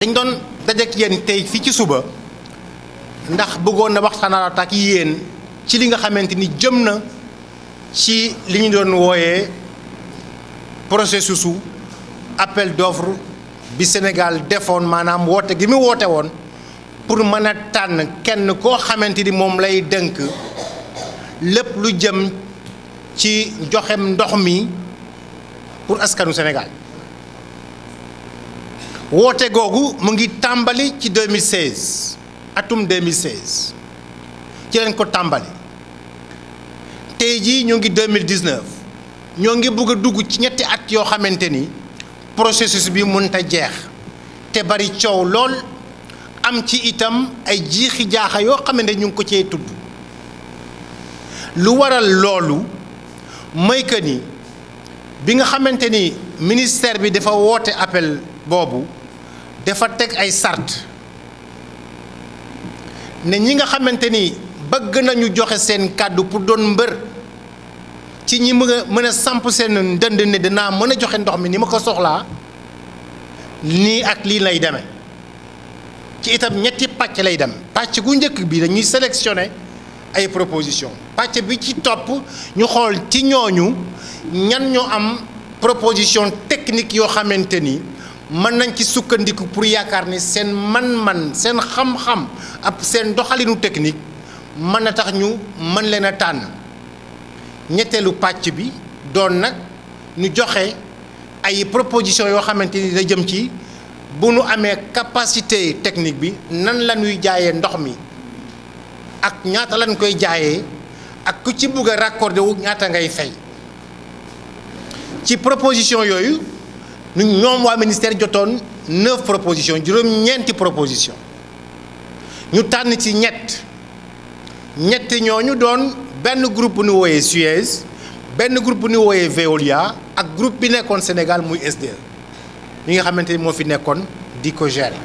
dañ doon dajek yéen tey fii ci suba ndax bëggoon na waxtaanaat ak yéen ci li nga xamante ni jëm na ci li ñu doon wooyee processus su appel d'offre bi Sénégal defoon maanaam woote gi mu woote woon pour mën a tànn kenn koo xamante ni moom lay dënk lépp lu jëm ci joxem ndox mi pour askanu senegal woote googu mu ngi tàmbali ci 2016 atum 2016 ci leen ko tàmbali tey jii ñu ngi 2019 ñoo ngi bëgg a dugg ci ñetti at yoo xamante ni processus bi mënta jeex te bari coow lool am ci itam ay jiixi jaaxa yoo xamante ñu ngi ko cee tudd lu waral loolu mooy que ni bi nga xamante ni ministère bi dafa woote appel boobu dafa teg ay sart ne ñi nga xamante ni bëgg nañu joxe seen kàddu pour doon mbër ci ñi mën a mën a samp seen ndënd ne dinaa mën a joxe ndox mi ni ma ko soxlaa nii ak lii lay demee ci itam ñetti pàcc lay dem pàcc gu njëkk bi dañuy sélectionner ay proposition pàcc bi ci topp ñu xool ci ñooñu ñan ñoo am proposition technique yoo xamante ni mën nañ ci sukkandiku pour yaakaar ni seen man-man seen xam-xam ak seen doxalinu technique mën a tax ñu mën leen a tànn ñetteelu pàcc bi doon nag ñu joxe ay proposition yoo xamante ni da jëm ci bu nu amee capacité technique bi nan la ñuy jaayee ndox mi ak ñaata lañ koy jaayee ak ku ci bugg a raccordé wu ñaata ngay fay ci proposition yooyu nu ñoom waa ministère jotoon neuf proposition juróom-ñeenti proposition ñu tànn ci ñett ñett ñooñu doon benn groupe bu wooyee Suez benn groupe bu ñu wooyee Veolia ak groupe bi nekkoon Sénégal muy SDE ñi nga xamante ni moo fi nekkoon di ko gérer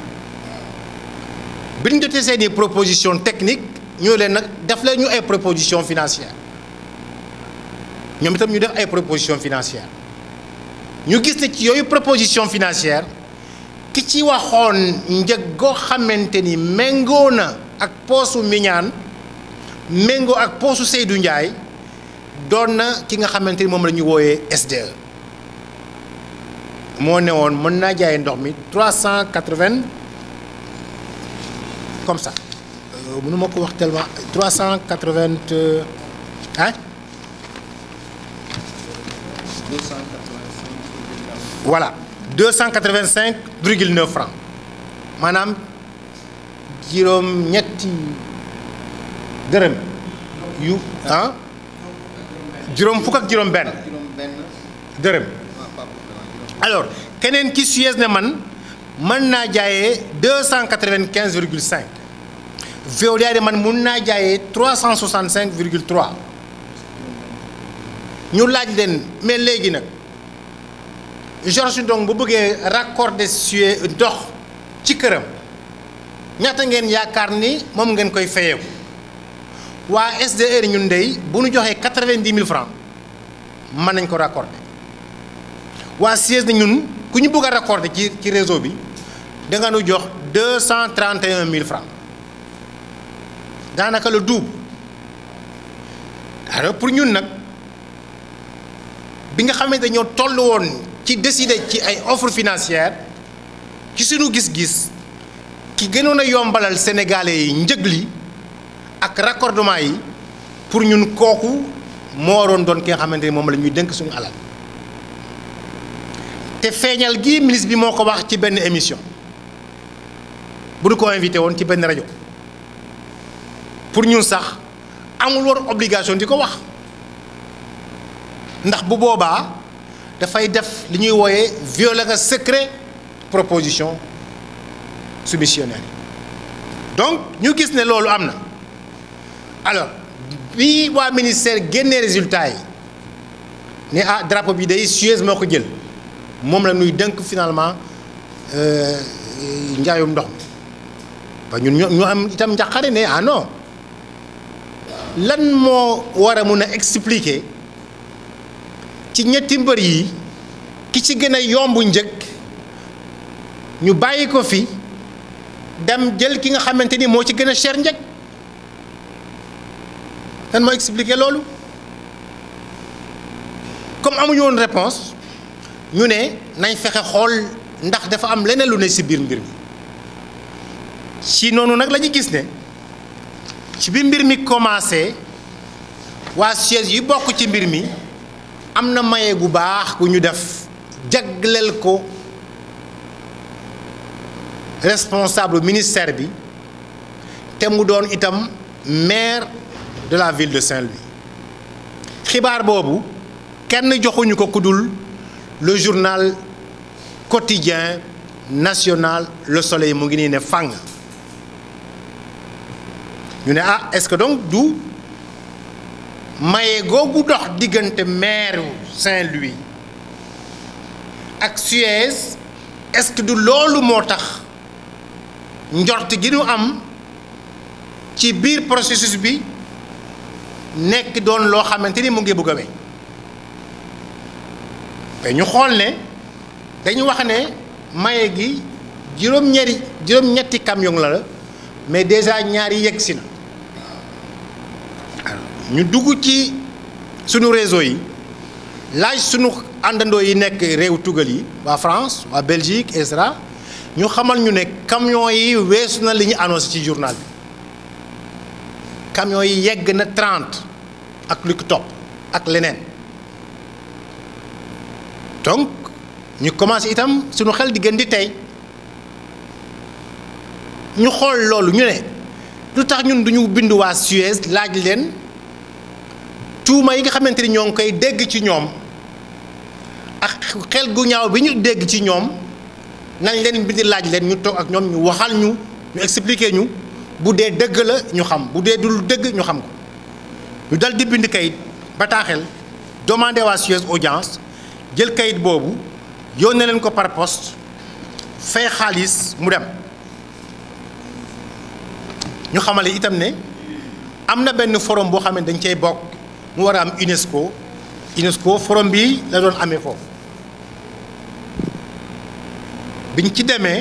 bi ñu jotee seeni proposition technique ñu leen nag def leen ñu ay proposition financière ñoom tam ñu def ay proposition financière ñu gis ne ci yooyu proposition financière ki ci waxoon njëg goo xamante ni méngoo na ak poosu Mignane méngoo ak poosu Seydou Ndiaye doon na ki nga xamante ni moom la ñu wooyee SDE moo ne woon mën naa jaay ndox mi trois cent quatre-vingts comme ça Euh, mënuma ko wax tellement trois cent quatre vingt ah. Euh, voilà deux cent quatre vingt cinq virgule neuf francs maanaam juróom ñetti dërëm yu ah juróom fukk ak juróom benn dërëm alors keneen ki Suez ne man mën naa jaayee deux cent quatre vingt quinze virgule cinq veolière yi man mun naa jaayee trois cent soixante cinq virgule trois ñu laaj leen mais léegi nag Georges donc bu bëggee raccorder sue dox ci këram ñaata ngeen yaakaar ni moom ngeen koy fayeeku waa SDR ñun ndey bu ñu joxee quatre mille francs mën nañ ko raccorder waa siège ni ñun ku ñu bëgg a raccorder ci ci réseau bi da nga nu jox deux cent trente et mille francs daanaka le double pour ñun nag bi nga xamee dañoo toll woon ci décider ci ay offre financière ci suñu gis-gis ki gënoon a yombalal sénégalais yi njëg li ak raccordement yi pour ñun kooku moo waroon doon ki nga xamante ni moom lañuy dënk suñu alal te feeñal gi ministre bi moo ko wax ci benn émission bu ñu ko invité woon ci benn rajo. pour ñun sax amul war obligation di ko wax ndax bu boobaa dafay def li ñuy wooyee violer nga secret proposition soumissionnaire donc ñu gis ne loolu am na alors bi waa ministère génnee résultat yi ne ah drapeau bi day Suez moo ko jël moom la ñuy dënk finalement euh, njaayum ndox mi waa ñun ñu am itam njaqare ne ah non lan moo war a mun a expliquer ci ñetti mbër yi ki ci gën a yomb njëkk ñu bàyyi ko fi dem jël ki nga xamante ni moo ci gën a cher njëkk lan moo expliquer loolu comme amuñu woon réponse ñu ne nañ fexe xool ndax dafa am leneen lu ne ci biir mbir mi si noonu nag la ñu gis ne. ci bi mbir mi commencé waa chaise yi bokk ci mbir mi am na maye gu baax gu ñu def jagleel ko responsable ministère bi te mu doon itam maire de la ville de Saint-Louis xibaar boobu kenn joxuñu ko kudul le journal quotidien national Le Soleil mu ngi nii ne fàng ñu ne ah est-ce que donc du maye googu dox diggante maire Saint-Louis ak Suez est-ce que du loolu moo tax njort gi ñu am ci biir processus bi nekk doon loo xamante ni mu ngi bëgg a wey ñu xool ne dañu wax ne maye gi juróom-ñetti juróom la la mais déjà ñaari yegg si na. ñu dugg ci sunu réseau yi laaj sunu àndandoo yi nekk réew tugal yi waa France waa Belgique et ñu xamal ñu ne camion yi weesu na li ñu annoncé ci journal bi camion yi yegg na 30 ak lu ko topp ak leneen donc ñu commencé itam sunu xel di tey ñu xool loolu ñu ne lu tax ñun duñu bind waa Suez laaj leen. tuuma yi nga xamante ni ñoo ngi koy dégg ci ñoom ak xel gu ñaaw bi ñu dégg ci ñoom nañ leen bindi laaj leen ñu toog ak ñoom ñu waxal ñu ñu expliquer ñu bu dee dëgg la ñu xam bu dee dul dëgg ñu xam ko ñu dal di bind kayit bataaxel demandé waa Suez audience jël kayit boobu yónnee leen ko par poste fay xaalis mu dem ñu xamale itam ne am na benn forum boo xam ne dañ cey bokk mu war a am UNESCO UNESCO forom bii la doon amee foofu biñ ci demee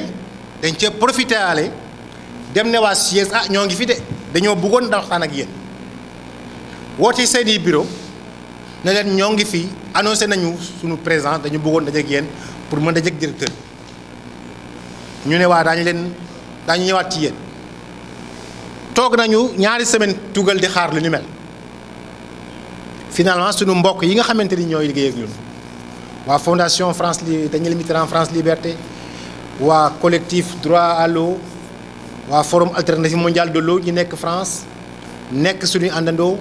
dañ cee profité ale dem ne waa Suez ah ñoo ngi fii de dañoo bëggoon waxtaan ak yéen woote seen i bureau ne leen ñoo ngi fii annoncé nañu sunu présent dañu bëggoon dajeek yéen pour mën dajeek directeur ñu ne waa daañu leen daañu ñëwaat ci yéen toog nañu ñaari semaine tugal di xaar lu ni mel. finalement suñu mbokk yi nga xamante ni ñooy liggéey ak waa fondation France li Daniel Mitterrand France Liberté waa collectif droit à waa forum alternative mondial de l'eau ñu nekk France nekk suñuy àndandoo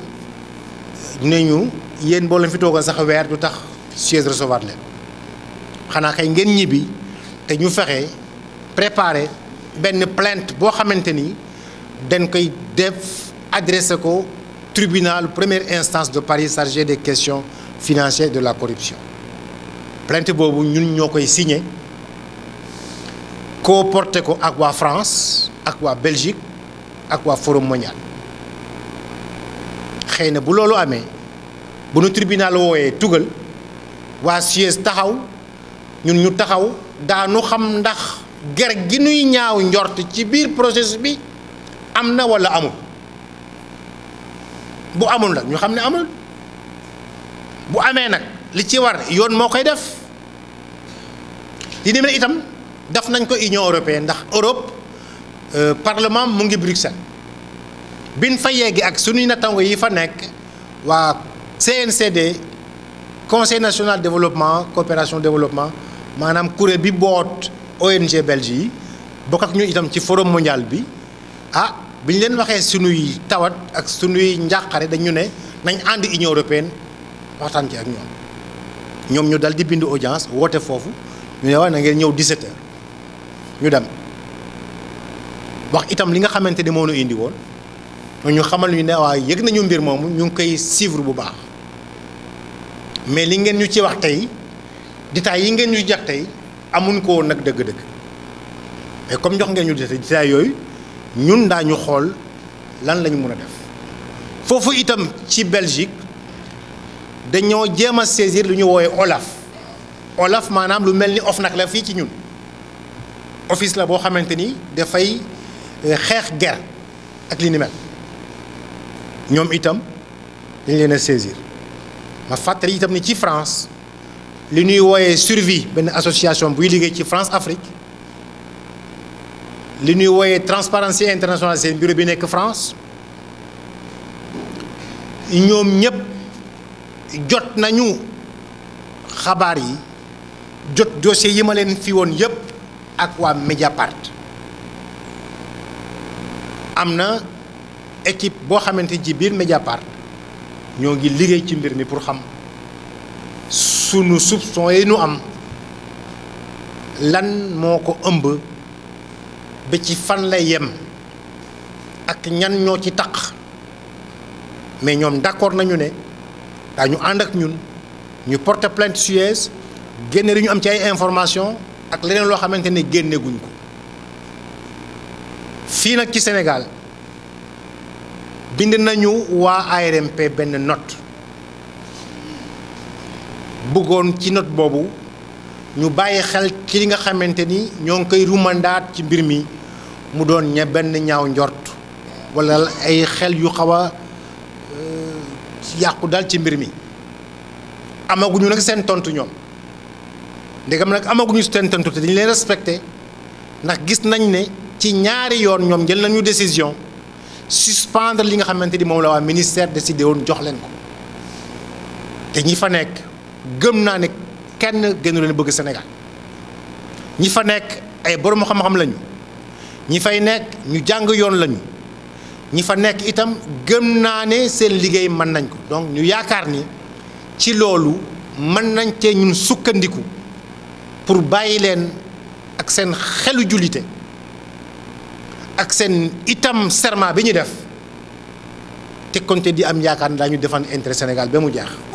ne ñu yéen boo leen fi toogal sax weer du tax Suez recevoir leen xanaa kay ngeen ñibbi te ñu fexe préparer benn plainte boo xamante ni dañ koy def adressé ko. tribunal première instance de Paris chargé des question financières de la corruption plainte boobu ñun ñoo koy signé koo porté ko ak waa France ak waa Belgique ak waa Forum mondial xëy na bu loolu amee bu nu tribunal wooyee tugal waa Suez taxaw ñun ñu taxaw daanu xam ndax ger gi nuy ñaaw njort ci biir processus bi am na walla amul bu amul nag ñu xam ne amul bu amee nag li ci war yoon moo koy def li demee itam def nañ ko Union européenne ndax Europe euh, parlement mu ngi Bruxelles biñ fa yeggee ak su suñuy nattango yi fa nekk waa CNCD conseil national développement coopération développement maanaam kuréel bi boot ONG Belge yi bokk ak ñu itam ci forum mondial bi ah, bi ñu leen waxee sunuy tawat ak sunuy njàqare dañu ne nañ ànd Union européenne waxtaan ci ak ñoom ñoom ñu dal di bind audience woote foofu ñu ne waaye na ngeen ñëw 17h ñu dem wax itam li nga xamante ni moo nu indi woon ñu xamal ñu ne waaye yëg nañu mbir moomu ñu ngi koy suivre bu baax mais li ngeen ñu ci wax tey détails yi ngeen ñu jax tey amuñ ko woon nag dëgg-dëgg mais comme jox ngeen ñu détails yooyu. ñun daañu xool lan lañu mën a def foofu itam ci Belgique dañoo jéem a saisir lu ñuy woowe Olaf Olaf maanaam lu mel ni nag la fii ci ñun office la boo xamante ni dafay euh, xeex ger ak li ni mel ñoom itam dañ leen a saisir ma fàttali itam ni ci France li ñuy wooyee survie benn association buy liggéey ci France Afrique li ñuy wooyee Transparency International seen bureau bi nekk France ñoom ñëpp jot nañu xabaar yi jot dossier yi ma leen fi woon yëpp ak waa Mediapart am na équipe boo xamante ci biir Mediapart ñoo ngi liggéey ci mbir mi pour xam sunu soupçon yi nu am lan moo ko ëmb ba ci fan la yem ak ñan ñoo ci taq mais ñoom d'accord nañu ne daañu ànd ak ñun ñu porter plainte Suez génne li ñu am ci ay information ak leneen loo xamante ne génne guñ ko fii nag ci Sénégal bind nañu waa ARMP benn not bëggoon ci note boobu ñu bàyyi xel ci li nga xamante ni ñoo ngi koy rumandaat ci mbir mi mu doon ña benn ñaaw njort walla ay xel yu xaw a euh, yàqu dal ci mbir mi amaguñu nag seen tontu ñoom ndegam nag amaguñu seen tontu te dañu leen respecté ndax gis nañ ne ci ñaari yoon ñoom jël nañu décision suspendre li nga xamante ni moom la waa ministère décidé woon jox leen ko te ñi fa nekk gëm naa ne kenn gënu leen bëgg Sénégal ñi fa nekk ay borom xam-xam lañu ñi fay nekk ñu jàng yoon lañu ñi fa nekk itam gën naa ne seen liggéey mën nañ ko donc ñu yaakaar ni ci loolu mën nañ te ñun sukkandiku pour bàyyi leen ak seen xelu jullite ak seen itam serment bi ñu def te konte di am yaakaar ne daañu défendre intérêt Sénégal ba mu jaax